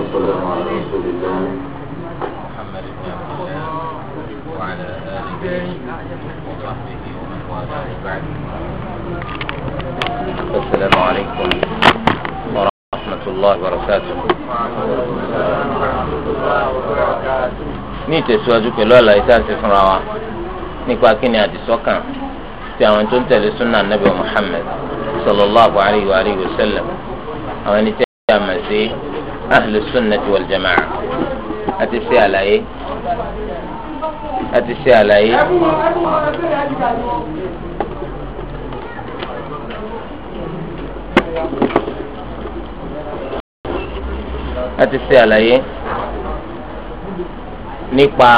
والسلام على رسول الله محمد بن عبد الله وعلى آله وصحبه ومن والاه بعد السلام عليكم ورحمة الله وبركاته ní ìtẹ̀síwájú pẹ̀lú àlàyé tá a ṣe fúnra wa nípa kí ni àdìsọ́kàn ti àwọn tó ń tẹ̀lé súnà nàbẹ̀ Muhammad sallallahu alayhi wa sallam àwọn ẹni tẹ́ ẹ àmọ̀ sí أهل السنة والجماعة. أتسي àti ṣe àlàyé àti ṣe àlàyé. láti ṣe àlàyé nípa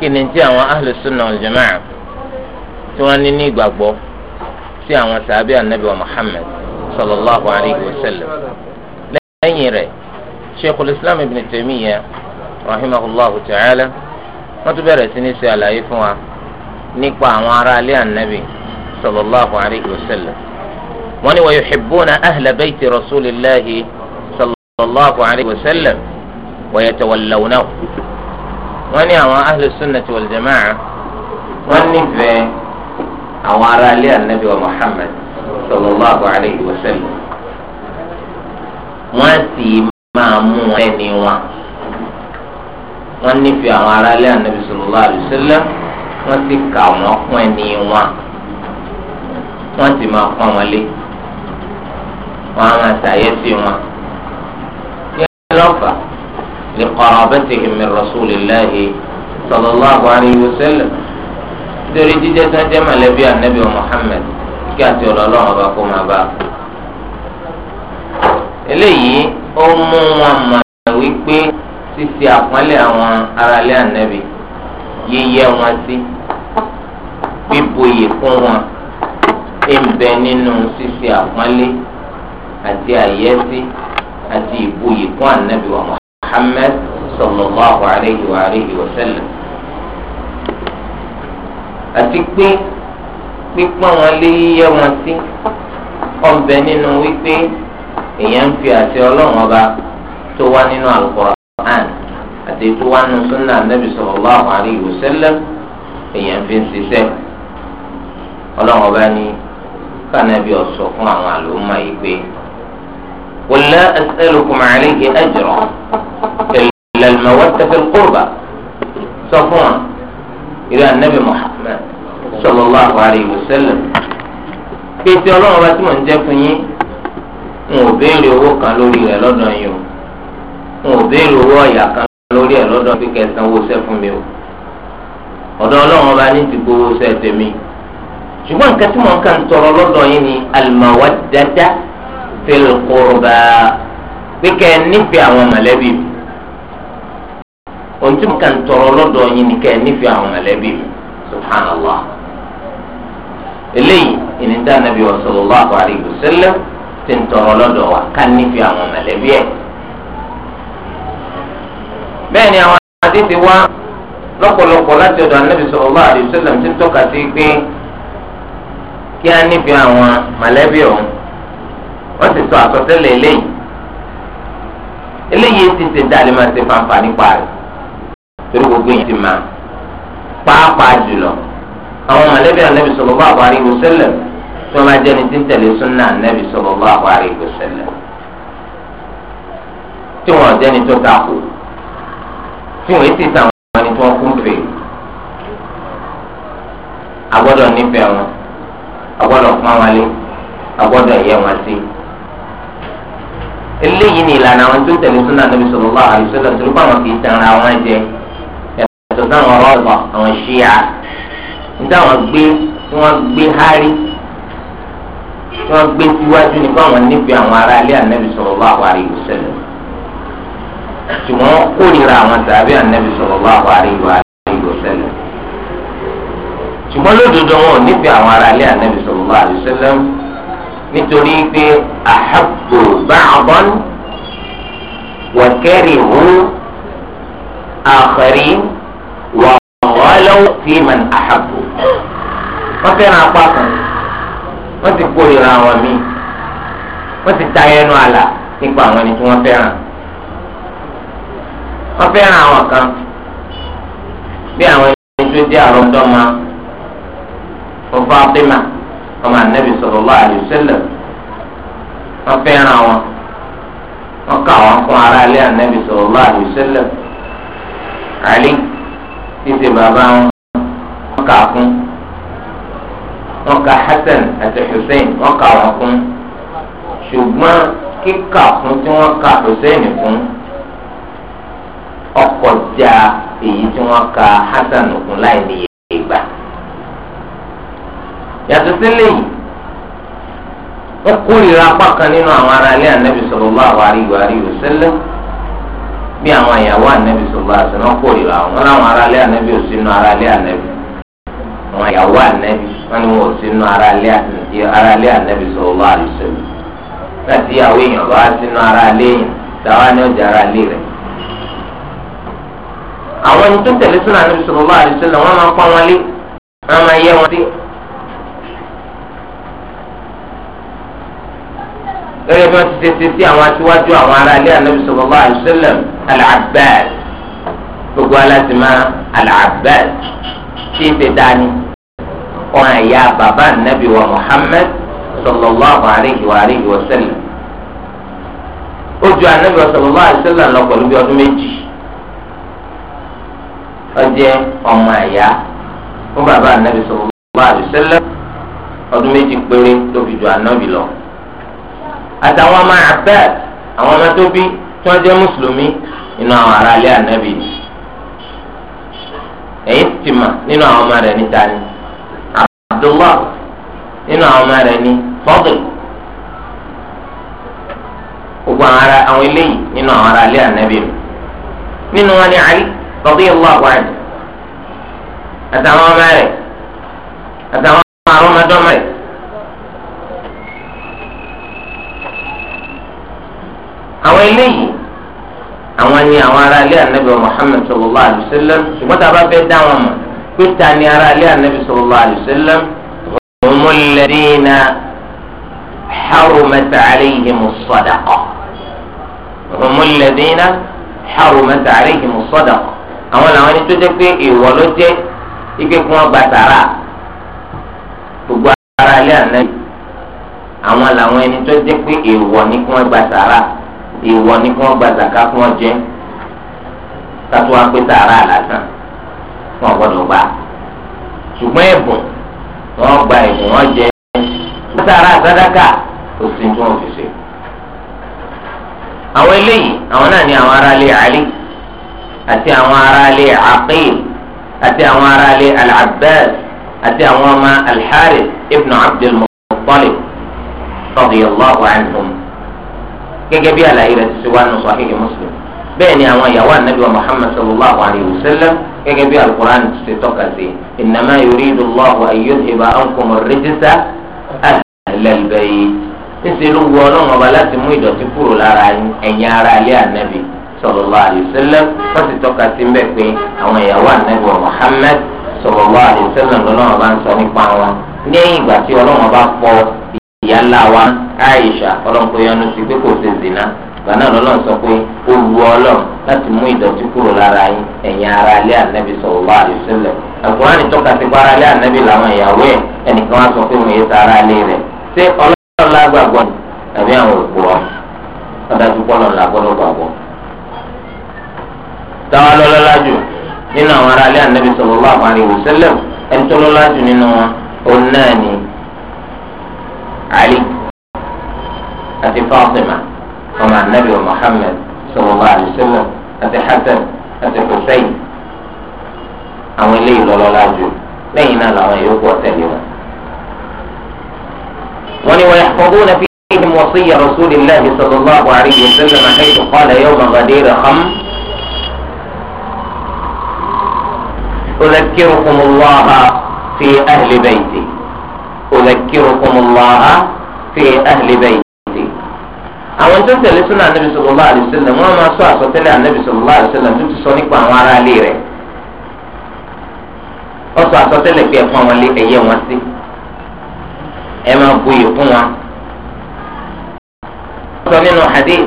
kíni tí àwọn ahlu sunna wal jamaa tí wọ́n ní ní ìgbàgbọ́ sí àwọn sàbí ànábì wa Muhammad sallallahu alayhi wa sallam lẹ́yìn rẹ̀ sheikhul islam ibn taymiya rahimahullah ta'ala wọ́n tún bẹ̀rẹ̀ sí ní ṣe àlàyé fún wa nípa àwọn ará ilé ànábì sallallahu alayhi wa sallam wọ́n ní wa yuhibbuna ahla bayti rasulillahi sallallahu alayhi wa sallam wa yatawallawnahu wọ́n ní àwọn ahlu sunnati wal jama'a wọ́n nífẹ̀ẹ́ àwọn ará ilé ànábì wa muhammad sallallahu alayhi wa sallam. wọ́n sì máa mú ẹni wọn wọ́n nífẹ̀ẹ́ àwọn aráalé ànábì sallallahu alaihi wasallam wọ́n sì kà wọ́n kún ẹni wọn wọ́n sì máa pọ́n wọn lé wọ́n á máa ṣàyẹ́sí wọn min rasulillahi sallallahu alaihi wasallam nítorí jíjẹ́ sọ́jẹ́ mọ̀lẹ́bí ànábì Muhammad kí àti ọlọ́lọ́wọ́n bá kó máa bá a. eléyìí ó mú wọn mọ̀ wípé ṣíṣe àpọ́nlé àwọn aráalé ànábì yíyẹ wọn sí bíboyè fún wọn ìbẹ nínú ṣíṣe àpọ́nlé àti àyẹ́sí àti ìboyè fún ànábì wa Muhammad sallallahu alayhi wa alayhi wa sallam àti pé pípọ́n wọn lé yíyẹ wọn sí ọ̀bẹ nínú wípé èèyàn ń fi àti ọlọ́run ọba tó wá nínú Al-Qur'an àti tó wá nínú sunna Nabi sallallahu alaihi wasallam èèyàn fi ń ṣiṣẹ́ ọlọ́run ọba ní kánàbí ọ̀sọ̀ fún àwọn àlùmọ́ yìí pé qul la as'alukum alayhi ajran illa al-mawadda fil qurba sọ fún wa ìrẹ́ ànábì Muhammad sallallahu alaihi wasallam pé tí ọlọ́run ọba n ò béèrè owó kan lórí rẹ̀ lọ́dọ̀ yín o n ò béèrè owó ọ̀yà kan lórí ẹ̀ lọ́dọ̀ pé kẹsàn-án owó sẹ́ fún mi o ọ̀dọ̀ ọlọ́run ọba ní ti gbowó sẹ́ tèmi ṣùgbọ́n nǹkan tí mo ń kàn tọrọ lọ́dọ̀ yín ni al-mawaddata fil qurba pé kẹ́ ẹ àwọn mọ̀lẹ́bí mi ohun tí mo kàn tọrọ lọ́dọ̀ yín ni kẹ́ ẹ àwọn mọ̀lẹ́bí mi subhanallah eléyìí ìníta nàbí wa sallallahu alayhi wa sallam ti ń tọrọ lọ́dọ̀ wa ká nífẹ̀ẹ́ àwọn mọ̀lẹ́bí ẹ̀. bẹ́ẹ̀ ni àwọn àdìsí wa lọ́pọ̀lọpọ̀ láti ọ̀dọ̀ anábì sallallahu alaihi wasallam ti ń tọ́ka sí pé kí á nífẹ̀ẹ́ àwọn mọ̀lẹ́bí ọ̀hún wọ́n sì sọ àsọtẹ́lẹ̀ eléyìí eléyìí ti ṣe dálé máa ṣe fanfa nípa rẹ̀ torí gbogbo yìí ti máa pàápàá jùlọ àwọn mọ̀lẹ́bí anábì sallallahu alaihi wasallam tí wọ́n bá jẹ́ tí ń tẹ̀lé súnà nẹ́bí sallallahu alaihi tí wọ́n jẹ́ tó takò tí wọ́n ti sàwọn ẹni tó ń kún fè agbọ́dọ̀ nífẹ̀ẹ́ wọn agbọ́dọ̀ pọ́n wọn lé agbọ́dọ̀ yẹ wọn sí eléyìí ni ìlànà àwọn tó tẹ̀lé súnà nẹ́bí tó kì í wọn jẹ àwọn gbé wọn gbé hárí tí wọ́n gbé síwájú ní báwọn nífẹ̀ẹ́ àwọn ará ilé ànábì sallallahu alaihi wasallam tí wọ́n kórìíra àwọn tàbí ànábì sallallahu alaihi wasallam ṣùgbọ́n lódodo wọn ò nífẹ̀ẹ́ àwọn ará ilé ànábì sallallahu alaihi wasallam nítorí pé ahabbu ba'dan wa karihu akharin wa ghalaw fi man ahabbu wọ́n fẹ́ràn apá kan. wọ́n ti kórìíra àwọn míì wọ́n ti ta ẹnu àlà nípa àwọn ẹni tí wọ́n fẹ́ràn wọ́n fẹ́ràn àwọn kan bí àwọn ẹni tó dé àrọ́dọ́mà Fátímà ọmọ ànábì sallallahu alaihi wasallam wọ́n fẹ́ràn wọn wọ́n kà wọ́n fún ara ilé ànábì sọ̀rọ̀ alaihi wasallam Àlí títí bàbá wọn wọ́n kà fún. wọn ka Hasan àti Hussein wọn kà wọn kún ṣùgbọ́n kíkà tí wọn ka Hussein kún ọkọ̀ já èyí tí wọn ka Hasan kún láì níye ìgbà yàtọ̀ ya tụtụ wọ́n kórìíra apá kan nínú àwọn ará ilé ànábì sallallahu alaihi wa alihi wasallam bí àwọn ìyàwó ànábì wọn láwọn ará ilé ará ilé àwọn ìyàwó ànẹ́bí wọn ni wọn ò sí nínú aráalé ànẹ́bí sallallahu alaihi wasallam láti ìyàwó èèyàn bá sínú aráalé yẹn dáwà ni ọjà aráalé rẹ̀. àwọn ẹni tó tẹ̀lé sínú ànẹ́bí sallallahu alaihi wasallam wọn máa ń pọ́n wọn lé wọn máa yẹ wọn dé. lórí bí wọ́n ti tètè sí àwọn aṣíwájú àwọn aráalé ànẹ́bí sallallahu alaihi wasallam al gbogbo wọn àyà bàbá nàbì wa Muhammad sallallahu alayhi wa alayhi wa sallam ó ju anabi wa sallallahu alayhi wa sallam lọ pẹ̀lú bí ọdún méjì ọmọ àyà fún bàbá anabi sallallahu alayhi wa sallam ọdún méjì péré fi ju anabi lọ àtàwọn ọmọ Abbas àwọn ọmọ tó bí tí anabi nínú àwọn ọmọ níta abdullah nínú àwọn ọmọ rẹ̀ ní fọdùl gbogbo àwọn ará àwọn eléyìí nínú àwọn ará ilé ànábì mi nínú wọn ni ali radiyallahu anhu àtàwọn ọmọ rẹ̀ àtàwọn àrọmọdọ́mọ rẹ̀. àwọn eléyìí àwọn ni àwọn ará ilé ànábì Muhammad sallallahu alaihi wasallam ṣùgbọ́n tá a bá fẹ́ wọn mọ̀ pété ni ara ilé anabi sallallahu alayhi wa sallam humul ladina harumat alayhimus sadaqa humul ladina harumat alayhimus sadaqa àwọn làwọn ẹni tó jẹ pé ìwọ ló jẹ ike kí wọn gba sàrà gbogbo ara ilé anabi àwọn làwọn ẹni tó jẹ pé ìwọ ni kí wọn gba ìwọ ni kí wọn gba zaka kí wọn pé sàrà lásán wọn gbọ́dọ̀ gbà ṣùgbọ́n ẹ̀bùn wọn gba ẹ̀bùn wọn jẹ látara sàdákà kò sí tí wọn fi ṣe. àwọn eléyìí àwọn náà ni àwọn aráalé Ali àti àwọn aráalé Aqil àti àwọn aráalé Al-Abbas àti àwọn ọmọ Al-Harith ibn Abdul Muttalib radiyallahu anhum gẹ́gẹ́ bí àlàyé rẹ̀ ti ṣe wá nù Sahih Muslim bẹ́ẹ̀ ni àwọn ìyàwó ànábì Muhammad sallallahu alayhi wa sallam gẹ́gẹ́ bí alukur'an ṣe tọ́ka sí innama yuridu Allahu an yudhhiba ankumu ar-rijsa ahlal bayt níṣẹ́ ló wu ọlọ́run ọba láti mú ìdọ̀tí kúrò lára ẹ̀yìn ara alẹ́ ànábì sallallahu alayhi wa sallam wọ́n ti tọ́ka sí mbẹ́ pé àwọn ìyàwó ànábì wa Muhammad sallallahu alayhi wa sallam lọ́lọ́run ọba ń sọ nípa wọn lẹ́yìn ìgbà tí ọlọ́run ọba pọ̀ ìyá gbaná lọ́lọ́run sọ pé ó wu ọlọ́run láti mú ìdọ̀tí kúrò lára yín ẹ̀yin ara ilé ànábì sallallahu alaihi wasallam Al-Qur'ani tọ́ka sí pé ara ilé ànábì làwọn ìyàwó ẹ̀ ẹnìkan wá sọ pé òun yé sara ilé rẹ̀ ṣé ọlọ́run lágbàgbọ́ ni tàbí àwọn òkú wa ọ̀dájú pọ́lọ́ làgbọ́dọ̀ gbàgbọ́. táwa lọ́lọ́lá jù nínú àwọn ara ilé ànábì sallallahu alaihi wasallam ẹni tó lọ́lá ومع النبي ومحمد صلى الله عليه وسلم أتي حسن أتي حسين أو eléyìí lọ́lọ́lá jù lẹ́yìn náà làwọn yòókù ويحفظون فيهم وصية رسول الله صلى الله عليه وسلم حيث قال يوم غدير خم أذكركم الله في أهل بيتي أذكركم الله في أهل بيتي àwọn tó tẹ̀lé súnà anabi sallallahu alaihi wasallam wọ́n máa sọ àsọtẹ́lẹ̀ anabi sallallahu alaihi wasallam tó ti sọ nípa àwọn ará ilé rẹ̀ wọ́n sọ àsọtẹ́lẹ̀ pé ẹ̀fọn wọn lé ẹ̀yẹ wọn sí ẹ máa buyì fún wọn. wọ́n sọ nínú hadith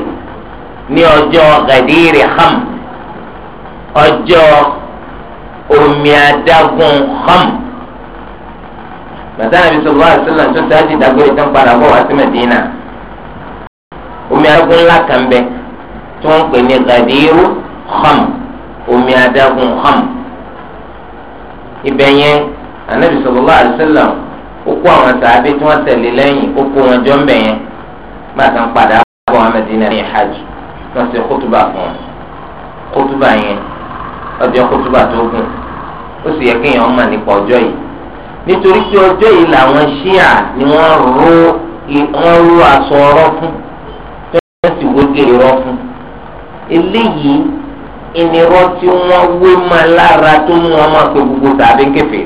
ní ọjọ́ gàdírì ham ọjọ́ omi adágún ham bàtà anabi sallallahu alaihi tó ti á ti dàgbére padà bọ̀ wá sí Mẹdínà omi adágún ńlá kan bẹ tí wọ́n ń pè ní gàdírú ham omi adágún ham ibẹ̀ yẹn anabi sallallahu alaihi wasallam ó kó àwọn sàábé tí wọ́n tẹ̀lé lẹ́yìn ó kó wọn jọ ń bẹ̀ yẹn gbàtà ń padà bọ̀ wọn Mẹ́dínà ní hajj wọ́n ṣe kótóbà fún wọn yẹn ọjọ́ kótóbà tó gùn ó sì yẹ kéèyàn mọ̀ nípa ọjọ́ yìí nítorí pé ọjọ́ yìí làwọn ṣíà ni wọ́n rú aṣọ ọ̀rọ̀ fún gé irọ́ fún eléyìí ìnirọ́ tí wọ́n wé ma lára tó mú wọn máa pe gbogbo tàbí kẹfẹ́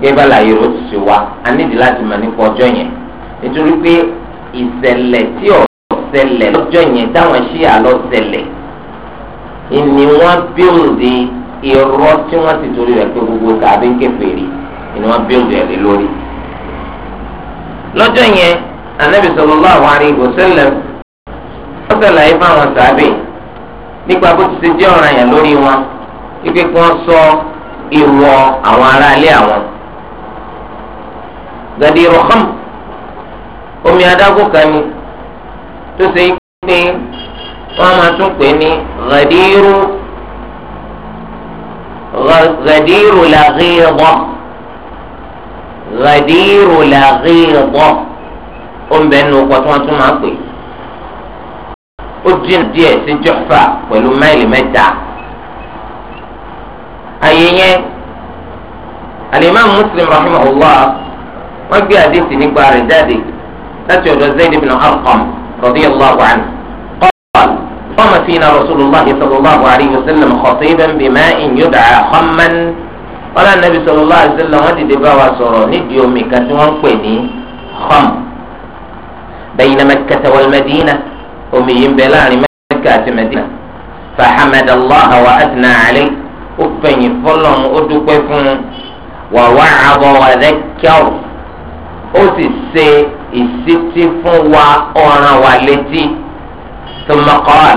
gẹ́gẹ́ bá láyé rẹ̀ ó ti ṣe wá a nídìí láti mọ̀ nípa ọjọ́ yẹn nítorí pé ìṣẹ̀lẹ̀ tí ọ̀ ṣẹlẹ̀ lọ́jọ́ yẹn táwọn ṣíà lọ ṣẹlẹ̀ ìní wọ́n bíòǹde irọ́ tí wọ́n ti torí rẹ̀ pé gbogbo tàbí kẹfẹ́rì ìní wọ́n bíòǹde ẹ̀rí lórí. lọ́jọ́ yẹn anabi sallallahu alaihi wasallam wọ́n sàlàyé fáwọn sàábì nípa bó ti ṣe jẹ́ ọ̀ràn yẹn lórí wọn ipe kí wọ́n sọ ìwọ àwọn aráalé àwọn. gàdìrò hàn omi adágún kan ni tó ṣe pé wọ́n máa tún pè ní gàdìrò gàdìrò làgìrò gàdìrò làgìrò ó ń bẹ́ẹ̀ nu ọkọ̀ tí wọ́n tún máa pè é. ó dín díẹ̀ sí jọ́fà pẹ̀lú máìlì mẹ́ta. àyè yẹn alimami muslim rahimahullah wọ́n gbé àdéhùn nípa rẹ̀ jáde láti ọ̀dọ̀ zayd ibn arqam radiyallahu anhu. قال قام فينا رسول الله صلى الله عليه وسلم خطيبا بماء يدعى خما قال النبي صلى الله عليه وسلم ودي دباوة سورو ندي يومي كتوان كويني خم بين مكة والمدينة omi yìí ń bẹ láàrin Mẹ́kà àti Mẹ́dínà fahamad allah wa adna ali ó fẹ̀yìn fọlọ́n ó dúpẹ́ fún wa wa'adha wa dhakkar ó sì ṣe ìṣítí fún wa ọ̀ràn wa létí thumma qala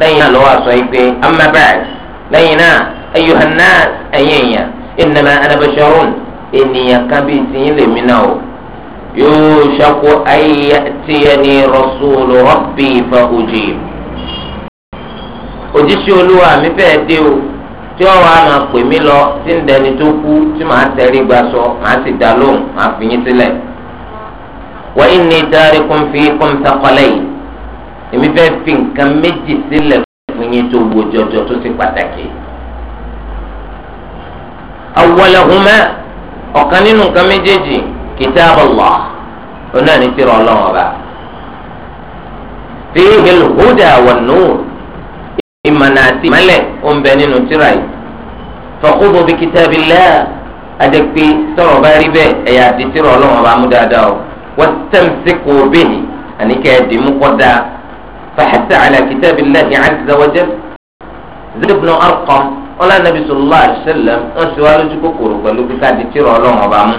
lẹ́yìn náà lọ́wọ́ àṣọ ìpè amma ba'd lẹ́yìn náà ayyuhan nas ẹ̀yìn èèyàn ènìyàn kan bíi lèmi náà o. يوشك أن يأتيني رسول ربي فأجيب òjíṣẹ́ olúwa mi fẹ́ẹ́ dé o tí ó wàá máa pè mí lọ tí ń dẹni tó kú tí màá tẹrí gba sọ màá sì dá lóhùn màá fi yín sílẹ̀. wa inni tarikum fikum thaqalayn èmi fẹ́ẹ́ fi nǹkan méjì sílẹ̀ fún yín tó wo jọjọ tó ti pàtàkì. awwalahuma ọ̀kan nínú nǹkan méjèèjì kìtàbù lọ ọ̀nà ní tìrọ ọlọ́wọ́n ọba fíhì húdà wan nur ìmọ̀nà àti ìmọ̀lẹ̀ ọ̀nbẹ nínú tìrà yìí fọkúbọ̀ bí kìtàbí lẹ́ àdẹ́gbé tọrọ bá rí bẹ́ẹ̀ ẹ̀yà àti tìrọ ọlọ́wọ́n ọba mú dáadáa o wọ́n tẹ̀sí kò bẹ́ẹ̀ àníkẹ́ ẹ̀dín mú kọ́ dáa fàḥẹ́sẹ̀ àlẹ́ kìtàbí lẹ́hìn azza wa jalla Zayd ibn Arqam ọlá nàbì sallallahu alaihi wasallam wọ́n ti wá lójú kòkòrò pẹ̀lú kíkà àti tìrọ ọlọ́wọ́n ọba mú.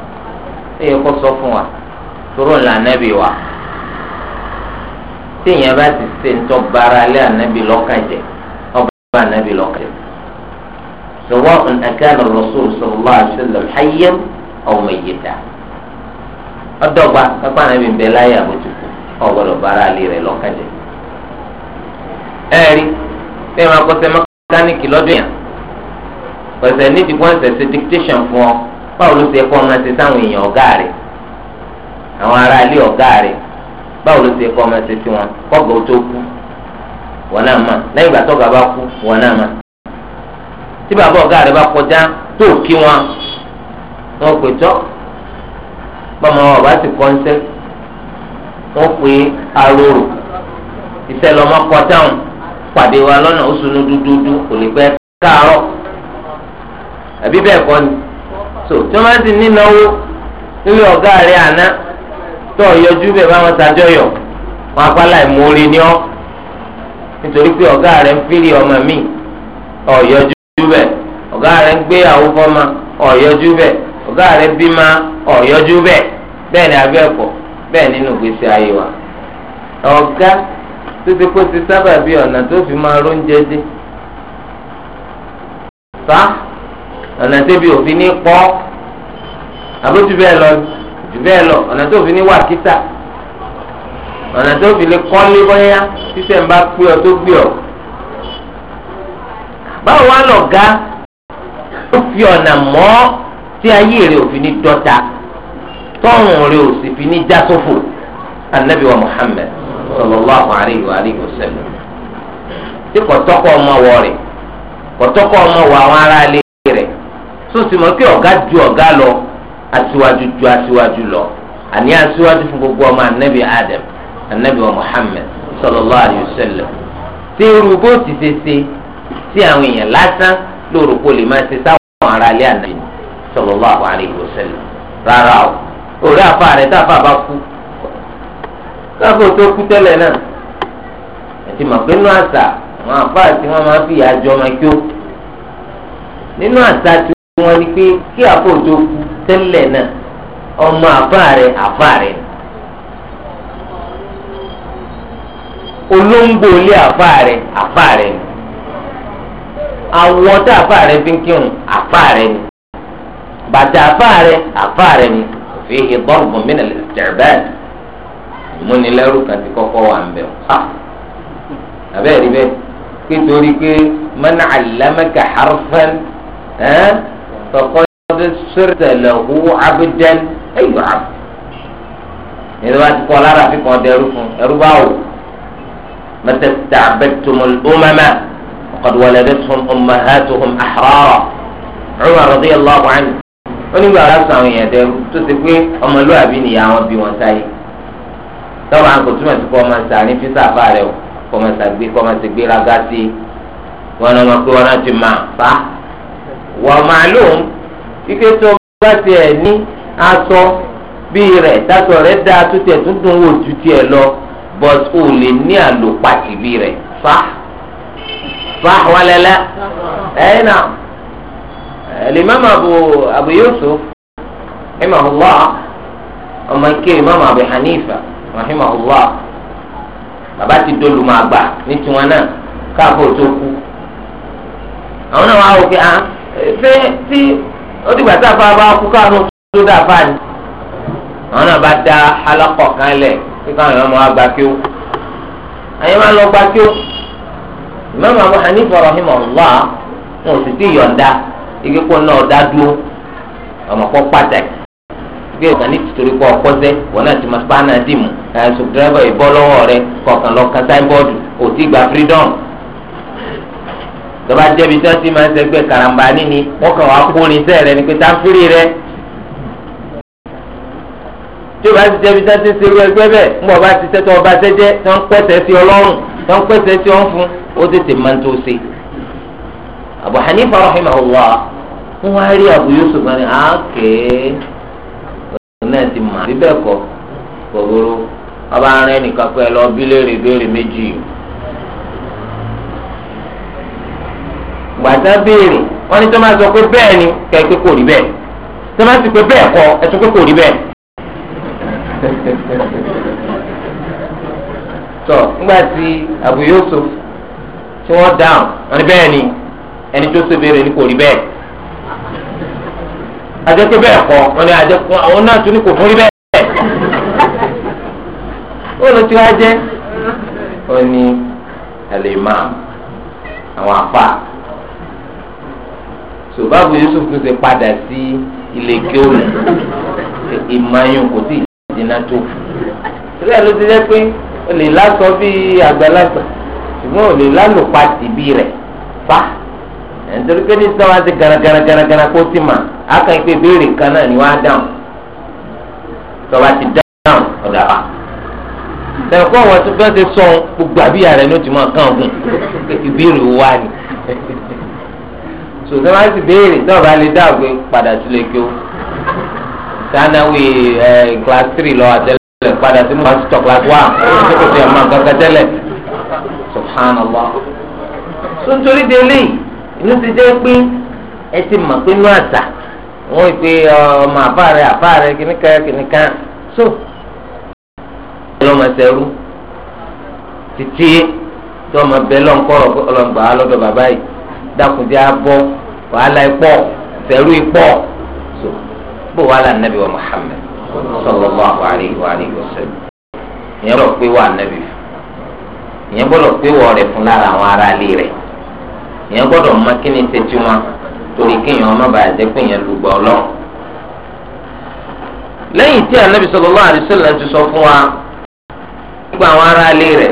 ó yẹ kó sọ fún wa tóró ńlá ànábì wa téèyàn bá ti ṣe ńtọ́ bara lé ànábì lọ́kàn jẹ ọba ànábì lọ́kàn jẹ. سواء أكان الرسول صلى الله عليه وسلم حيا أو ميتا ọdọgba kápá nàbí ń bẹ láyé àbójúkú ọgbọdọ bára lè rẹ lọkàjẹ. ẹ rí pé máa kọsẹ̀ mẹkáníìkì lọ́dún yàn pẹ̀sẹ̀ nídìí wọ́n ṣẹ̀ṣẹ̀ dictation fún ọ báwo ló ti ẹ̀kọ́ ọmọ ẹsẹ̀ sáwọn èèyàn ọ̀gá rẹ̀ àwọn ará ilé ọ̀gá rẹ̀ báwo ló ti ẹ̀kọ́ ọmọ ẹsẹ̀ sí wọn kọ́gà ó tó kú wọn náà mà lẹ́yìn ìgbà tọ́gà bá kú wọn náà mà tí bàbá ọ̀gá rẹ̀ bá kọjá tó kí wọn wọn pè tọ́ bọ́mọ ọba ti kọ́ ńsẹ́ wọn pè arorò iṣẹ́ lọ́mọ kọ táwọn pàdé wa lọ́nà ó sunú dúdúdú kò lè pẹ́ káàárọ̀ àbí bẹ́ẹ̀ kọ́ ni. so tí wọ́n bá ti nínáwó nílé ọ̀gá rẹ̀ àná tó ọ̀yọ́jú bẹ̀ bá wọn ṣàjọyọ̀ wọn apálá ìmoore ni ọ́ nítorí pé ọ̀gá rẹ̀ ń mi ọ̀yọ́jú bẹ̀ ọ̀gá rẹ̀ ń gbé àwòfọ́mà ọ̀yọ́jú ọ̀yọ́jú ni nínú ayé wa tó ti kó ti sábà bí ọ̀nà tẹ́bi òfin ní pọ́ àbójú bẹ́ẹ̀ lọ jù bẹ́ẹ̀ lọ ọ̀nà tó fi ní wà kíta ọ̀nà tó fi lè kọ́lé bọ́yá títẹ̀ ń bá pé ọ tó gbé ọ. báwo wá lọ ga ó fi ọ̀nà mọ́ tí ayé rẹ̀ ò fi ní dọ́ta tọ́rùn rẹ̀ ò sì fi ní já sófò anabi wa muhammed sallallahu alayhi wa alihi wa sallam tí kò tọ́kọ̀ ọmọ wọ rẹ̀ kò tọ́kọ̀ ọmọ wọ àwọn aráalé sóòsì mọ̀ pé ọ̀gá ju lọ asiwaju ju asiwaju lọ àní asiwaju fún gbogbo ọmọ anabi adam anabi muhammed sallallahu alayhi wa sallam tí irú ti ṣe àwọn èèyàn lásán lóru kó lè máa ṣe sáwọn ará ilé anabi sallallahu alayhi wa sallam rárá o òrí bá kú káfọ tó kú náà àṣà wọn máa fi ìyá jọ tí wọ́n ní pé kí àpò tó kú tẹ́lẹ̀ náà ọmọ àbá rẹ̀ àbá rẹ̀ olóńgbò ilé àbá rẹ̀ àbá rẹ̀ awọ tá àbá rẹ̀ fi ń kírun àbá rẹ̀ ni bàtà àbá rẹ̀ àbá rẹ̀ ni fi ìbọn gbòmìnà lè tẹ̀ bẹ́ẹ̀ múnilẹ́rù kan ti kọ́kọ́ wà ń bẹ̀ ha abẹ́rẹ́ bẹ́ẹ̀ pé torí pé man allamaka harfan ẹ́n faqad sirta lahu abdan ayyu abd ẹni wá ti kọ́ lára fi kàn dẹrú fún ẹrú bá wò mata sta'badtumul umama faqad waladathum ummahatuhum ahrara Umar radiyallahu anhu onígbà wa sọ àwọn èèyàn dẹrú tó ti pé ọmọlúwàbí nìyá wọn bí wọn sáyé tọ́wọ́ àwọn kò túmọ̀ sí kọ́ ọmọ sà ní físà fáà rẹ̀ o kọ́ ọmọ sà gbé kọ́ ọmọ sì gbé ragá sí wọn ọmọ pé wọn náà ti máa fa wà màlúù ike tó bá tiẹ̀ ní aṣọ bíi rẹ̀ dáṣọ rẹ̀ dá tútẹ̀ tó dùn wò ju tiẹ̀ lọ but o lè ní àlòpàtì bíi rẹ̀ fa fa wàlẹ́lẹ́ ẹ̀yìn náà alimami abu abu yusuf rahimahullah ọmọ ike imam abu hanifa rahimahullah bàbá ti dolùmọ̀ àgbà ní tiwọn náà káàbọ̀ tó kú àwọn náà wà á wò pé ah, ṣé tí ó dìgbà tá a fa bá kú káwọn tó dá a fa ni àwọn náà bá da alákọ̀ kan lẹ̀ kí káwọn èèyàn máa gba kí ó máa lọ gba kí ó Imam Abu Hanifa wọn ò sì tí yọ̀ǹda igi kó náà dá dúró ọmọ pàtàkì gbé ní tìtorí wọn náà ti máa pa tọ́ba jẹ́bi tí wọ́n ti máa ń sẹ́gbẹ́ karamba níní wọ́n kàn wá kórin sẹ́ ní pé táfírì rẹ. tí o bá ti tí ti ń ti ọba sẹ́jẹ́ ń sí ń sí fún ó tètè máa ń tó ṣe. Hanifa rí Yusuf ní àáké ah, náà ti mà bíbẹ̀ kọ́ gbogbo ọba arìnrìn nìkan pẹ́ lọ gbàtà béèrè wọn ní tó máa sọ pé bẹ́ẹ̀ ni kẹ̀kẹ́ kò rí bẹ́ẹ̀ tó máa pé bẹ́ẹ̀ kọ́ pé kò rí tọ nígbà tí Abu Yusuf tí wọ́n dáhùn wọn ní bẹ́ẹ̀ ni ẹni tó ṣe béèrè ni kò rí bẹ́ẹ̀ àjẹ́ pé bẹ́ẹ̀ kọ́ wọn ni àjẹ́ pé àwọn náà tún ní kò fún rí bẹ́ẹ̀. ó lọ tí ní àwọn sòbáàbù Yusuf tó ti padà sí ilé kéwòn ìmọ̀yún kò tí ì jìnnà tó torí ẹ̀ ló ti jẹ́ pé o lè lásọ bí àgbàlagbà ṣùgbọ́n o lè lálùpá tìbí rẹ̀ fa nítorí pé ní sáwọn àti garagaragaragara kó ti mà á kàn pé béèrè kan náà ni wọ́n á dáhùn tọ́ba ti dáhùn ọ̀dà wa tẹ̀kọ́ àwọn tó fẹ́ ti sọ gbogbo àbíyá rẹ̀ ló ti mọ̀ kàn gùn ìbéèrè wa ni sòtò máa ń sì béèrè náà bá lè dá ògbé padà sí lè kíó sanawi ẹ class three lọ àtẹlẹ padà sí pásítọ̀ class one ṣé kò tẹ ẹ máa tẹ́lẹ̀ subhanallah so nítorí délé inú ti jẹ́ pé ẹ ti mọ̀ pé inú àṣà wọ́n pe ọmọ àbá rẹ̀ àbá rẹ̀ kìnnìkan kìnnìkan so ọlọ́mọ ẹsẹ̀rú títí tí ọmọ bẹ́ẹ̀ lọ́nkọ́rọ̀ ọlọ́ngbà lọ́dọ̀ bàbá yìí dákun abọ́ wàhálà ipọ tẹrù ipọ so bó wàhálà nàbí wa Muhammad sallallahu alayhi wa alihi ìyẹn lọ pé wà nàbí ìyẹn gbọ́dọ̀ pé wọ rẹ fún lára àwọn ará ilé rẹ ìyẹn gbọ́dọ̀ mọ kí ni tẹtí wọn torí kéèyàn ọmọ bàa jẹ pé ìyẹn lùgbọ leyin lẹ́yìn tí anabi sallallahu alayhi ti sọ fún wa gbogbo àwọn ará ilé rẹ.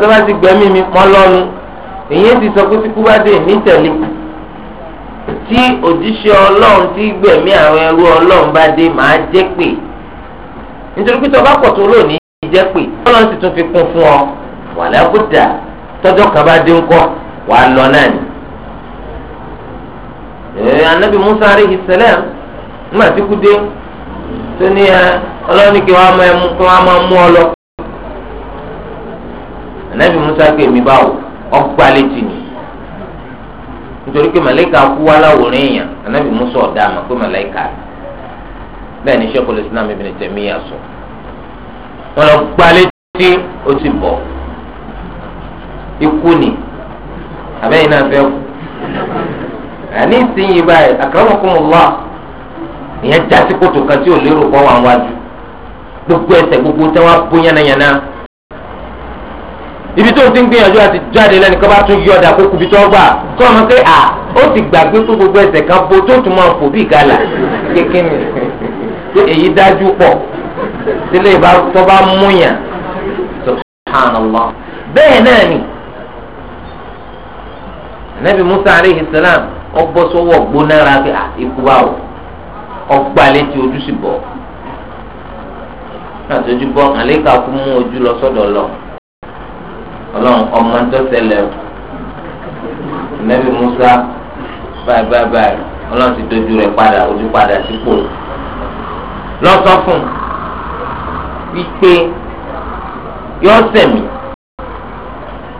tó bá ti gbẹ̀mí mi mọ́ èyí ti sọ pé tíkú bá dé ní tẹ̀lé tí òjíṣẹ́ ọlọ́run tí gbẹ̀mí àwọn ẹrú ọlọ́run bá dé màá jẹ́ pé nítorí pé tọba pọ̀ tó lónìí jẹ́ pé ọlọ́run ti tún fi kún fún ọ wà lábùdà kan bá dé lọ náà ànábì musa ya mi báwo ọgbà létí mi nítorí pé màláìka kú wá láwòrán èèyàn musa ọ̀dà àmọ́ pé màláìka bẹ́ẹ̀ ni sẹ́kọ̀ọ́ islam ibn Taymiyyah sọ wọn lọ gbà létí ó sì ni àbẹ́yìn náà fẹ́ kú àní ìsinyìí báyìí akramakumullah ìyẹn já sí kan tí lérò kọ́ wájú gbogbo ẹsẹ̀ gbogbo tẹ́wọ́ bó yánnayànna. ibi tó ti ń gbìyànjú àti jáde lẹ́nu kọ́ bá tún yí ọ̀dà kókó ibi tó gbà kọ́ ọmọ pé à ó ti gbàgbé tó gbogbo ẹsẹ̀ kan bo tó tún máa fò bí ìgalà kékeré pé èyí dájú pọ̀ sílé ìbá tó bá múyàn subhanallah bẹ́ẹ̀ náà ni anabi musa aleyhi salam ọgbọ́ sọ́wọ́ gbónára pé à ikú wa o ọgbà létí ojú sì bọ̀ náà tó ojú bọ́ àlékà kú mú ojú lọ sọ́dọ̀ lọ ọlọ́run ọmọ tó tẹ̀lé o nẹ́bí musa báyìí báyìí báyìí ọlọ́run ti dojú rẹ̀ padà ojú padà sípò lọ́sọ̀fún wípé yọ sẹ̀mí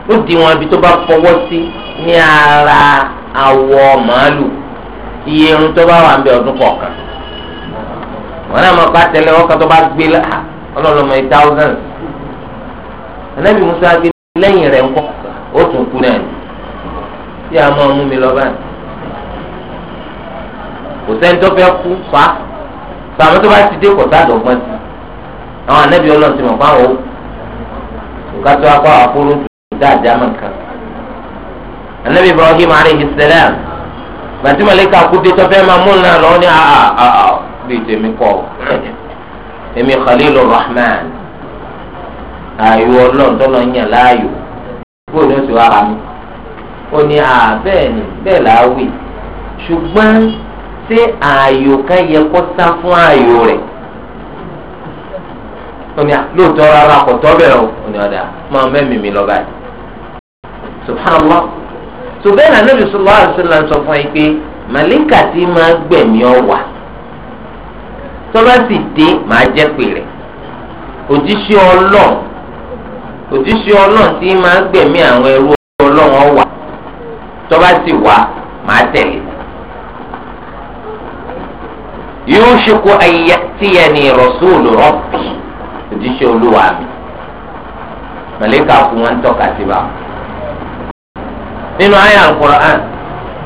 ó di wọn ibi tó bá fọwọ́ sí ní ara awọ màálù iye irun tó bá wà ń bẹ ọdún kọ̀ọ̀kan wọn náà máa pa tẹlẹ ọkọ tó bá gbé la ọlọ́run ọmọ Thousand, thousands anabi musa gbé lẹ́yìn rẹ̀ ńkọ́ ó tún kú náà ni tí a máa mú mi lọ báyìí kò sẹ́ni tó fẹ́ kú fa sàmú tó bá ti dé kò sádọ̀gbọ́n sí àwọn anábì ọlọ́run ti mọ̀ fáwọn ó kò ká tó akọ́ àkóró tó dá àjámà kan anábì Ibrahim alayhi salam bàtí màlẹ́kà kú dé tó fẹ́ máa mú náà lọ́wọ́ ní àà àà bíi tèmi kọ́ èmi Khalilur Rahman ààyò ọlọ́run tọ́lọ́ ń yàn láàyò bó ni ó ti wá ha mi ó ní à bẹ́ẹ̀ ni bẹ́ẹ̀ là á wì ṣùgbọ́n ṣé ààyò kan yẹ kó sá fún ààyò rẹ̀ ó ní à lóòótọ́ rárá kò tọ́ bẹ́ẹ̀ o ó ní ọ̀dà máa mẹ́mìí mi lọ báyìí subhanallah ṣùgbọ́n ìlànà Nabi sallallahu alaihi wasallam sọ fún yín pé màlíkà tí máa gbẹ̀mí ọ̀wà tọ́lá sì dé màá jẹ́ pèrè òjíṣẹ́ ọlọ́run òjíṣẹ́ ọlọ́run tí máa ń gbẹ̀mí àwọn ẹrú ọlọ́run wà tọ́ba sì wá máa tẹ̀lé. yóò ṣekú ayé tíyẹ ní rọ̀ṣúùlù rọ́bì òjíṣẹ́ olúwa mi màlẹ́kà fún wọn tọ́ka sí bá. nínú àyà al-Qur'an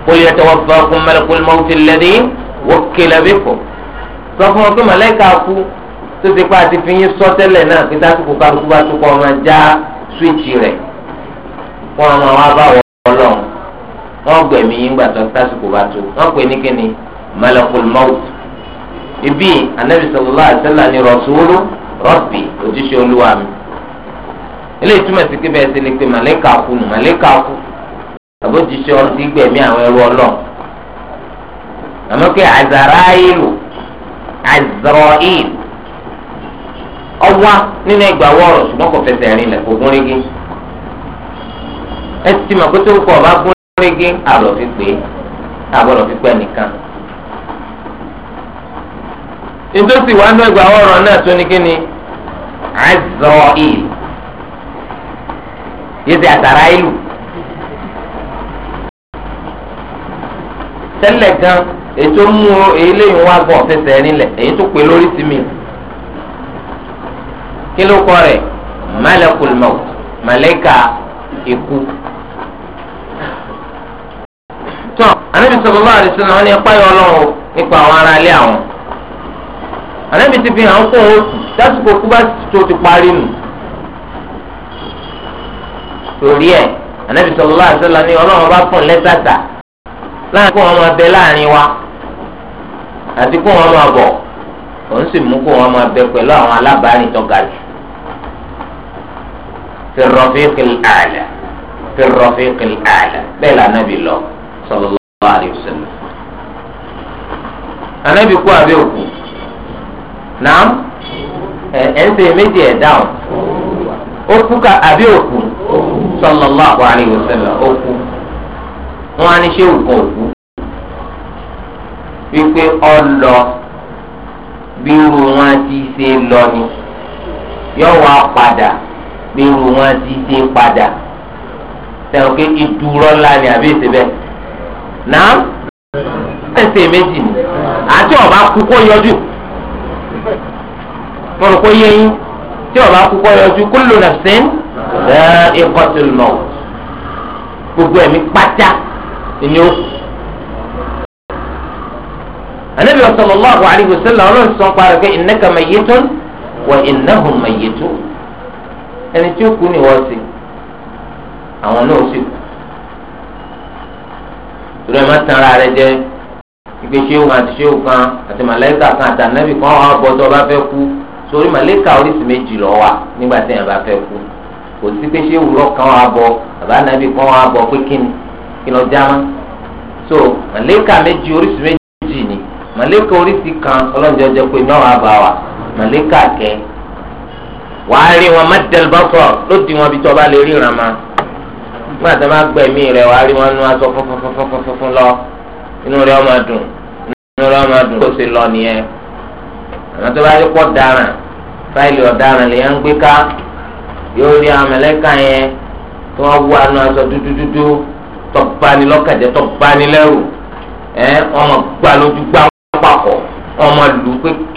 qul yatawaffakum malakul mawti alladhi wukkila bikum sọ fún wọn pé màlẹ́kà fún tó ti pa àti fi yín sọ tẹ́lẹ̀ náà pé sásìkò kálukú bá tó kọ́ ọmọ já swíìtì rẹ̀ fún ọmọ wa bá wọ ọlọ́run wọ́n gbẹ̀mí yín gbà tó sásìkò bá tó wọ́n pè ní kíni malakul maut ibi anabi sallallahu alaihi wasallam ni rasulu rabbi òjíṣẹ́ olúwa mi ilé ìtumọ̀ sí kébẹ̀ ẹsẹ̀ lè pe màlẹ́kà kú nù màlẹ́kà kú àbójúṣe ọ̀run ti gbẹ̀mí àwọn ẹrú àmọ́ ọwá nínú ìgbàwọ́ ọ̀rọ̀ ṣùgbọ́n kò fẹsẹ̀ rìn lẹ̀ kò gúnrégé ẹ ti mọ̀ pé tó kọ̀ ọ̀bá gúnrégé àlọ́ fi pè é àbọ̀lọ̀ fi pẹ́ nìkan. nítòsí wàá nú ìgbàwọ́ ọ̀rọ̀ náà tó ní kíni àìsàn ìlú yìí ti àtàrà ìlú. tẹ́lẹ̀ gan ètò mú eléyìí wá gbọ́ fẹsẹ̀ rìn lẹ̀ èyí tó pè lórí sí mi kí ló kọ rẹ̀ malakul maut malaika ikú. tọ́ anábì sallallahu alaihi wasallam wọn ni ẹ̀pá yọ ọlọ́run nípa àwọn ará ilé àwọn. anábì ti fi hàn kó o dásìkò kú bá tó ti parí nù. torí ẹ̀ anábì sallallahu alaihi wasallam ni ọlọ́run bá fún lẹ́sàtà láàrin kó wọn máa bẹ láàrin wa àti kó wọn máa bọ̀ òun sì mú kó wọn máa bẹ pẹ̀lú àwọn alábàárìn tó ga jù fi rafiqil a'la fi rafiqil a'la bẹ́ẹ̀ la anabi lọ sallallahu alayhi wa sallam anabi kú abẹ́ òkú naam ẹ ẹ ń sè méjì ẹ̀ dáhùn ó kú ka abẹ́ òkú sallallahu alayhi wa sallam ó kú wọn á ní ṣé òkú òkú wípé ọ lọ bí irú wọn ti ṣe lọ ni yọ wá padà bí irú wọn dídé padà sẹ́wọ̀n pé ìdúró ńlá ni àbí ìsebẹ̀ náà ẹsẹ̀ méjì ni àti ọba kú kó yọjú mo rò pé yẹn tí ọba kú kó yọjú kullu nafsin dha'iqatul maut gbogbo ẹ̀mí pátá ni ó kù. Ànábì sallallahu alayhi wa sallam ọlọ́run sọ ń parẹ́ pé innaka mayyitun wa innahum mayyitun ẹni tí ó kú ni wọ́n ṣe àwọn náà sì kú torí ẹ má tan ara rẹ jẹ ìgbé ṣéwù kan àti ṣéwù kan àti màlẹ́kà kan àti ànábì kan wà bọ́ tó o bá fẹ́ kú sórí màlẹ́kà oríṣi méjì lọ wà nígbà tí èèyàn bá fẹ́ kú kò sí pé ṣéwù lọ kan wà bọ́ àbá ànábì kan wà bọ́ pé kíni kí lọ jámá so màlẹ́kà méjì oríṣi méjì ni màlẹ́kà oríṣi kan ọlọ́njọ́ jẹ́ pé náà wà bá wa màlẹ́kà kẹ́ẹ́ wàá rí wọn mẹtẹlbọsọ lódì wọn bí tó bá lè ríran ma nígbà tó bá gbẹ̀mí rẹ̀ wàá rí wọn nú aṣọ funfunfunfunfun lọ inú rẹ̀ ọmọ dùn inú rẹ̀ ọmọ dùn kó o sì lọ nìyẹn àwọn tó bá rí pọ̀ dáràn fáìlì ọ̀daràn lè ń gbé ká yóò rí àwọn mẹlẹ́ka yẹn tí wọ́n wú àánú aṣọ dúdúdúdú tọ́gbani lọ́kàjẹ́ tọ́gbani lẹ́rù ẹ̀ ọmọ gbà lójú gbà ọmọ lù pé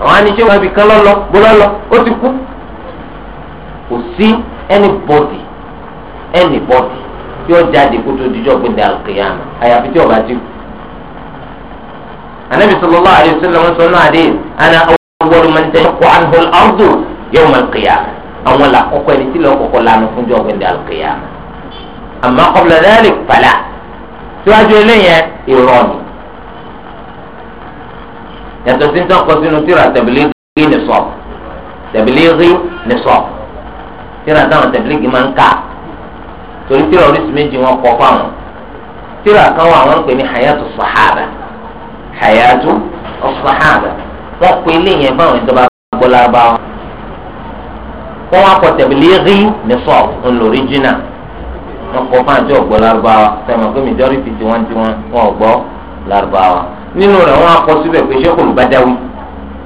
àwọn anijẹ́ wọn bìkan lọ́lọ́ bọ́lọ́lọ́ ó ti kú kò sí anybody anybody tí ó jáde kó tó dijọ́ pé ní alkiyama àyàfi tí ọba ti kú. anabi sallallahu alayhi wa sallam sọ náà dé ana awwalu man tanshaqqu anhu al-ardu yawm al-qiyamah àwọn là kọ́kọ́ ẹni tí lọ kọ́kọ́ lanu fún jọ pé ní alkiyama amma qabla dhalik fala síwájú eléyẹn ìrọ̀lù yàtọ̀ sí nítorí kọ́ sínú tíra tẹ̀bílígì nìsọ̀ tẹ̀bílígì nìsọ̀ tíra táwọn tẹ̀bílígì máa ń kà torí tíra oríṣi méjì wọn kọ́ fáwọn tíra kan wà wọn ń pè ní hayatu sahaba hayatu sahaba wọn pè léyìn báwọn ìjọba gbọ́lába wọn wá kọ tẹ̀bílígì nìsọ̀ ńlọrìjìnà wọn kọ fáwọn àjọ gbọ́lába sẹ́wọ̀n pé majority tiwọn tiwọn wọn gbọ́ lárúbáwá. nínú rẹ̀ wọ́n akọ síbẹ̀ pé sẹ́kùn bàdáwí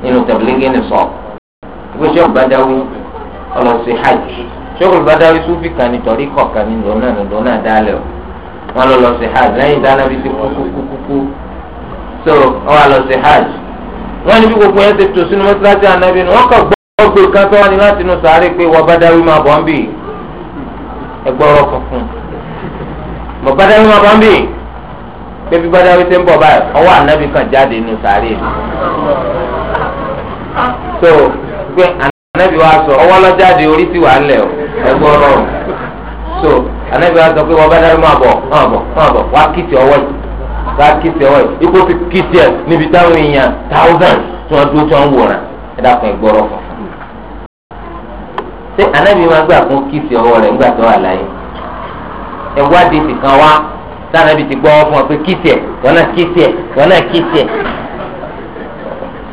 nínú tẹ̀blẹ́gẹ́ ni sọ pé sẹ́kùn hajj sẹ́kùn bàdáwí sufi kan ní tọ́rí kọ̀ọ̀kan ní lọ́nà lọ́nà dálẹ̀ o wọ́n lọ lọ́sì hajj lẹ́yìn dáná bí ti kúkúkúkú so wọ́n lọ hajj wọ́n ní bí gbogbo yẹn ti tò sínú mọ́sálásí ànábì ni wọ́n kàn gbọ́ ní láti inú sàárè pé bébí bá dáwé n ń báyìí ọwọ́ ànábì kan jáde nínú so pé ànábì wa sọ ọwọ́ lọ́jáde orí sì wà o so ànábì wa sọ pé wọ́n bá máa bọ̀ máa bọ̀ máa bọ̀ wá kìtì ọwọ́ yìí wá kìtì ọwọ́ yìí ipò ti kìtì ẹ̀ níbi táwọn èèyàn thousand tí wọ́n dúró tí wọ́n wòran ẹ dákun ṣé máa táwọn ẹbí ti gbọ́ fún ọ pé kíìsì ẹ̀ wọ́n náà kíìsì ẹ̀ wọ́n náà kíìsì ẹ̀.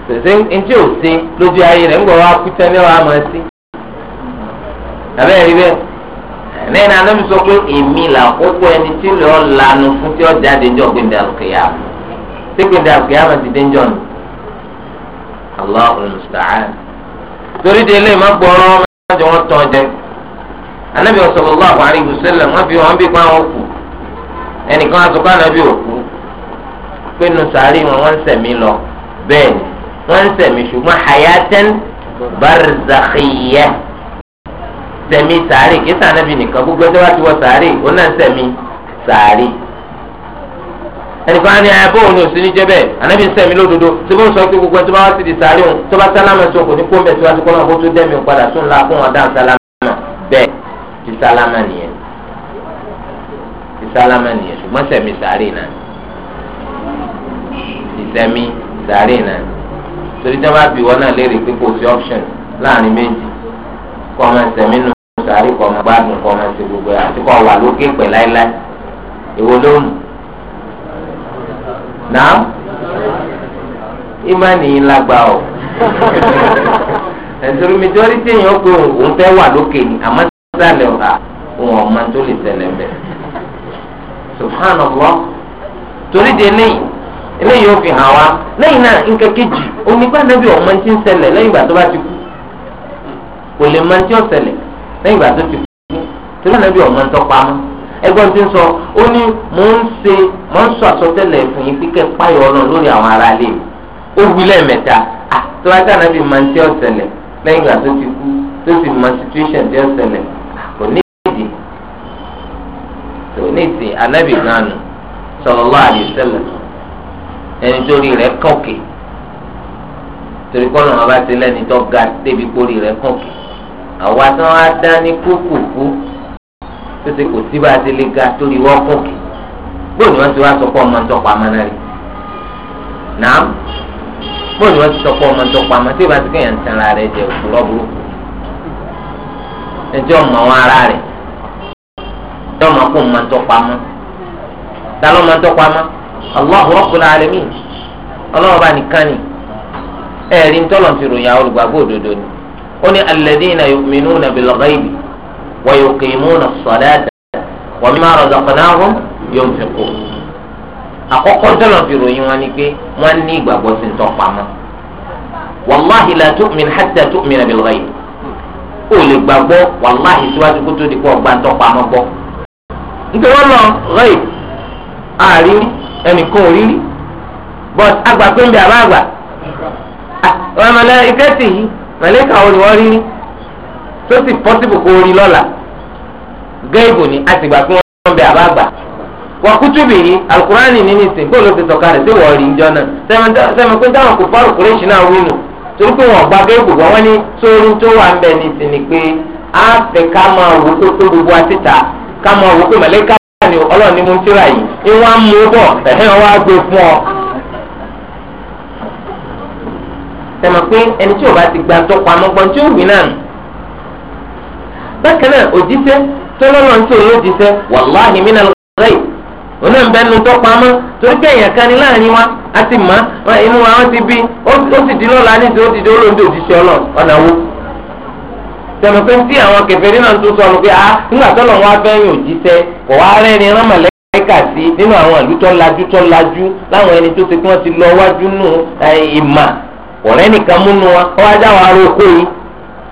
sèse ntí ò sí lójú ayé rẹ̀ ńgbọ̀ wá kú tẹ́lẹ̀ wá máa sí. àbẹ́rẹ́ bẹ́ẹ̀ lẹ́yìn náà lọ́bi sọ pé èmi là kókó ẹni tí lọ́ọ́ lanu fún tí ọjà déjọ́ gbẹ̀dẹ̀ àlùkìyà tí gbẹ̀dẹ̀ àlùkìyà máa ti déjọ́ nù. Allahu musta'an. torí de ilé máa gbọ́rọ́ máa jọ wọ́n tán jẹ. anábìyàn sallallahu alaihi wasallam wọ́n fi wọ́n bí pa àwọn kù. ẹnìkan aṣọ kan nàbí òkú pé nu sàárì wọn wọ́n ń sẹ̀mí lọ bẹ́ẹ̀ ni wọ́n ń sẹ̀mí ṣùgbọ́n hayatan barzakhiyya sẹ̀mí sàárì kí sànàbí nìkan gbogbo ẹjọ́ bá ti wọ sàárì ó náà sẹ̀mí sàárì ẹnìkan á ní ẹ bóun ni òsín ní jẹ bẹ́ẹ̀ ànábì ń sẹmí lódodo tí bó ń sọ pé gbogbo ẹ tó bá wá sí di sàárì òun tó bá sálámà sí òkò ní kó ń bẹ síwájú kó náà kó tó dẹ́mi padà sún la kó wọn dá sálámà bẹ́ẹ̀ ti sálámà nìyẹn ìsálámà nìyẹn ṣùgbọ́n sẹ̀mí sàárè náà ìsẹ̀mí sàárè náà torí tí wọ́n bá bí wọn náà léèrè pé kò sí option láàrin méjì kọ́ ọmọ ìsẹ̀mí nù sàárè kọ́ ọmọ gbádùn kọ́ ọmọ ìsẹ̀ gbogbo àti kọ́ wà lókè pẹ̀ láéláé èwo ló mú náà ìmánì yín lágbá o ẹ̀sùn mìtọ́rí tí èèyàn pé òun fẹ́ wà lókè ni àmọ́ sálẹ̀ ọ̀hà òun ọ̀ma tó lè tẹ̀lé bẹ́ẹ̀. subhanallah torí de eléyìí eléyìí ó fi hàn wá lẹ́yìn náà nǹkan kejì onígbà nàbí ọmọ ti ń ṣẹlẹ̀ lẹ́yìn tó bá ti kú kò lè mọ ti ọ̀ṣẹlẹ̀ tó ti kú torí nàbí ọmọ tó pa mọ́ ti ń sọ ó ní mò ń ṣe mò ń sọ àsọtẹ́lẹ̀ fún yín pípẹ páyọ Ọlọ́run lórí àwọn ará ilé ó wí tètè anábì ganu sallallahu alaihi wasallam ẹni torí rẹ̀ kọ̀kì torí kọ́nà wọn bá ti lẹ́ni tó ga débi kórì rẹ̀ kọ̀kì àwa tí wọ́n á dá ní kúkúkú tó ti kò sí bá a ti lè ga torí wọ́n kọ̀kì bóyá wọ́n ti wá sọ pé ọmọ ń tọpa ọmọ náà rí nàá bóyá wọ́n ti sọ pé ọmọ ń tọpa ọmọ tí ìbá ti kéèyàn ń tan ara rẹ̀ jẹ òkúrọ́ burúkú ẹjọ́ mọ̀ wọn ara rẹ̀ yóò máa kó máa tọ́ pamọ́ ta ló máa tọ́ pamọ́ Allahu Rabbul Alamin ọlọ́wọ́ bá nìkan ni ẹ̀rí ń tọ́lọ̀ ti ròyìn àwọn olùgbàgbọ́ òdodo ni ó ní alladhina yu'minuna bil ghaibi wa yuqimuna as-salata wa mimma razaqnahum yunfiqun àkọ́kọ́ tọ́lọ̀ ti ròyìn wọn ni pé wọ́n ní ìgbàgbọ́ sí ń tọ́ pamọ́ wàláhi la tu'min hatta tu'mina bil ghaibi ó lè gbàgbọ́ wàláhi síwájú kó tó gbàǹtọ́ pamọ́ gbọ́ nítorí wọn lọ rẹ́ẹ̀ àrírí ẹnìkan ò rírí but àgbà pé ń bẹ àbá àgbà wọn mọlẹ ìkẹtì yìí mọlẹkà ò ní wọn rírí tó sì pọ́sibù kó rí lọ́la gẹ́gùn ni àtìgbà pé wọ́n ń bẹ àbá àgbà wọ́n kútùbì yìí alukurani ní nìsín bó ló ti tọ̀ka rẹ̀ sí wọ́ọ̀rì ìjọ náà sẹ́mi pé táwọn kò fọ́ọ̀rù kúrẹ́ṣì náà wí nù torí pé wọ́n gba gẹ́gùn wọn ní sóorí tó wà ń bẹ nìsín ni pé á fẹ́ ká máa wò tó tó gbogbo àtìta ká mọ àwọn pé mọ̀lẹ́ká ni ọlọ́run ni mo ń tíra yìí ìwọ́n á mú bọ̀ ẹ̀hẹ́n gbé fún ọ. tẹ̀mọ̀ pé ẹni tí o bá ti gba tó pamọ́ gbọ́n tí ó náà nù. bákan náà òjíṣẹ́ tí wàláhì lọ́rẹ́ yìí òun náà ń tó pamọ́ torí pé èèyàn kan ní láàrin wa a ti mọ̀ inú wo. tẹ̀mọ̀ pé tí àwọn kèfèrí náà tó sọnù pé a ah, nígbà tó lọ́wọ́ abẹ́yìn òjíṣẹ́ kò wá rẹ́ ni rán mọ̀lẹ́kà sí nínú àwọn ìlú tó lajú tó lajú láwọn ẹni tó ṣe kí wọ́n ti lọ wájú nù ìmà ọ̀rẹ́ nìkan múnú wa wọ́n á dáwọ́ aró oko yìí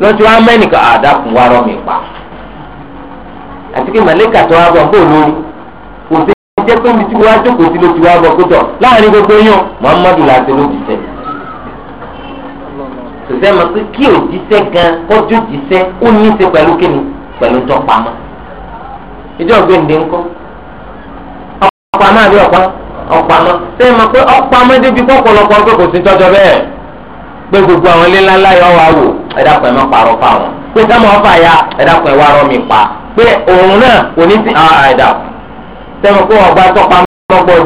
lọ́jọ́ wa mẹ́nìkan àdàkùn ah, wa rọ̀ mí pa àti pé mọ̀lẹ́kà tó wá bọ̀ kó lórí kò sí jẹ́ pé mi ti wá jókòó sí ló ti wá bọ̀ kó tọ̀ láàrin gbogbo yàn Muhammadu làtẹ́ ló ti sẹ́yìn tòṣẹ́ mọ̀ pé kí òjíṣẹ́ gan kọjú òjíṣẹ́ ó ní í ṣe pẹ̀lú kíni pẹ̀lú tọ́pamọ́ ìjọ ògbéǹde ńkọ́ ọ̀pamọ́ àbí ọ̀pá ọ̀pamọ́ tẹ́ mọ̀ pé ọ̀pamọ́ débi pọ̀pọ̀lọpọ̀ pé kò sí tọ́jọ́ bẹ́ẹ̀ pé gbogbo àwọn ilé ńláńlá yọ wá wò ẹ̀dá pẹ̀ mọ́ parọ́ pa wọn pé sámọ ọ̀fà ya ẹ̀dá pẹ̀ wá rọ́ mi pa pé òun náà kò ní sí ẹ̀dá tẹ́ mọ̀ pé ọ̀gbá tọ́pamọ́ gbọ́dọ̀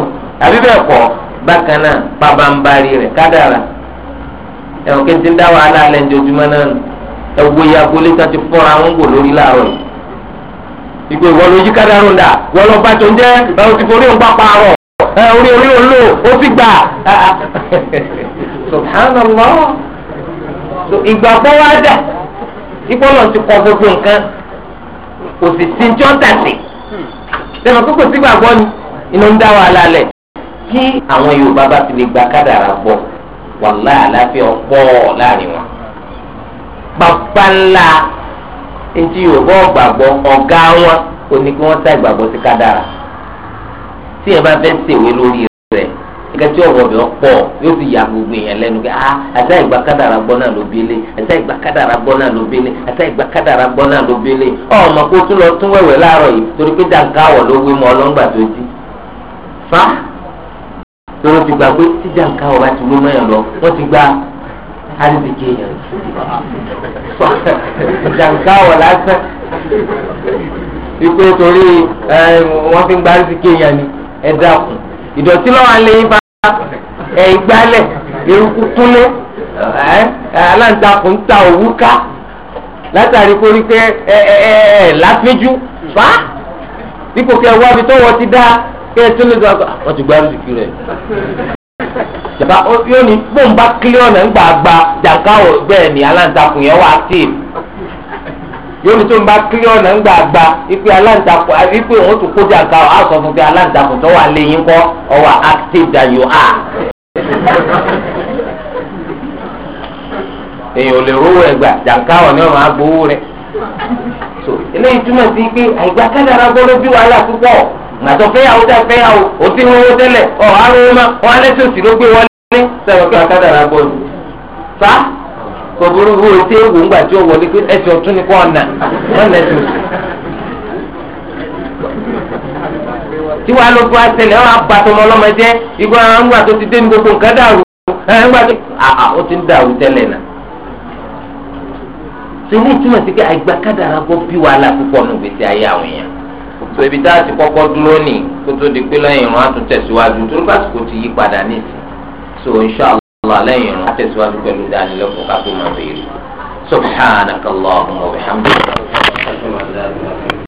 àbí bẹ́ẹ̀ kọ́ bákan náà pabambarí rẹ̀ kádàrà ẹ̀wọ̀n kí n ti ń dá wàhálà alẹ́ ǹjọ́júmọ́ náà nù ẹ̀wọ̀ ìyá agboolé kan ti fọ́ra àwọn ń wò lórí láàárọ̀ yìí. ìgbè wọ́n lójú kádàrú ńdà wọ́n lọ bá tó ń jẹ́ ẹ̀wọ̀n ti forí òǹgbà pààrọ̀ ẹ̀ orí orí òun lò ó fi gbà. subhanallah ìgbàgbọ́ wa dà ìgbọ́lọ̀ ti kọ gbogbo nǹkan kò sì sí ní jọ́ńtà sí. sẹ́wọ̀n kókò sígbàgbọ́ ni iná ń dá wàhálà alẹ́ kí àwọn Yorùbá bá fi lè gba kádàrá gbọ́ wàlá àlàáfíà ọ̀pọ̀ láàrin wọn. bàbá ńlá etí yorùbá ọ̀gbàgbọ́ wọn kò ní kí wọ́n sá ìgbàgbọ́ sí kádàrà. tí ẹ bá fẹ́ lórí rẹ̀ gẹ́gẹ́ tí ọ̀rọ̀ rẹ̀ pọ̀ yóò fi ya gbogbo èèyàn lẹ́nu pé àtà ah, ìgbà kádàrà gbọ́ náà ló àtà ìgbà kádàrà gbọ́ náà ló àtà ìgbà kádàrà gbọ́ náà ló ọmọ kó tún lọ tún wẹ̀wẹ̀ láàárọ̀ yìí torí pé wọ̀ ló wí mọ́ ọlọ́ngbà tó fa tí wọ́n ti gbà pé tíjà nǹkan ọba ti ló mẹ́yàn lọ wọ́n ti gba àdìdìkì yẹn tíjà nǹkan ọ̀ lásán ikú torí wọ́n fi ń gba àdìdìkì yẹn ni ẹ dákun ìdọ̀tí lọ́wọ́ alẹ́ yín bá ẹ̀ ìgbálẹ̀ eruku kúnlé aláǹtakùn ń ta òwú ká látàrí kórí pé ẹ ẹ ẹ láfíjú fa dípò kẹ wá bí tó wọ ti dá. kí ẹ tún lè sọ ti gba kiri rẹ jaba yóò ní bóńbá kílíọ̀nù ńgbàgbà jàǹkáwọ̀ bẹ́ẹ̀ ni aláǹtakùn yẹn wà tì mí yóò ní tó ń bá kílíọ̀nù gbàgbà ipe aláǹtakùn ipe òun tó kójà ká ọ àsọ fún pé aláǹtakùn tó wà ọ wà active than you are. èèyàn ò lè rówó ni ọ̀run á gbowó rẹ̀. eléyìí túmọ̀ sí pé àìgbà gbọ́dọ̀ bí wàhálà gbàtọ fẹyàwó tẹ fẹyàwó o ti wọwọ tẹ́lẹ̀ ọ arúgbó ma wọn alẹ tó sì ló gbé wọlé sẹwọn kí akadà rà gbọ fa kòbúrú wo ewu ńgbà tí o wọlé pé ẹsẹ ọtún ni kò ọ̀nà ọ̀nà tí wàá ọ ọlọmọ jẹ àwọn ti dé ní gbogbo nǹkan dàrú ẹ ńgbà àà ti ń dàrú sí pé so ibi tá a ti kọ́kọ́ dúró nì kó tó di pé lẹ́yìn irun á tún tẹ̀síwájú torí pàṣípò ti yí padà ní so inshàlá lẹ́yìn irun tẹ̀síwájú pẹ̀lú ìdánilẹ́kọ̀ọ́ ká tó máa bèèrè subhanakallahumma wa bihamdika.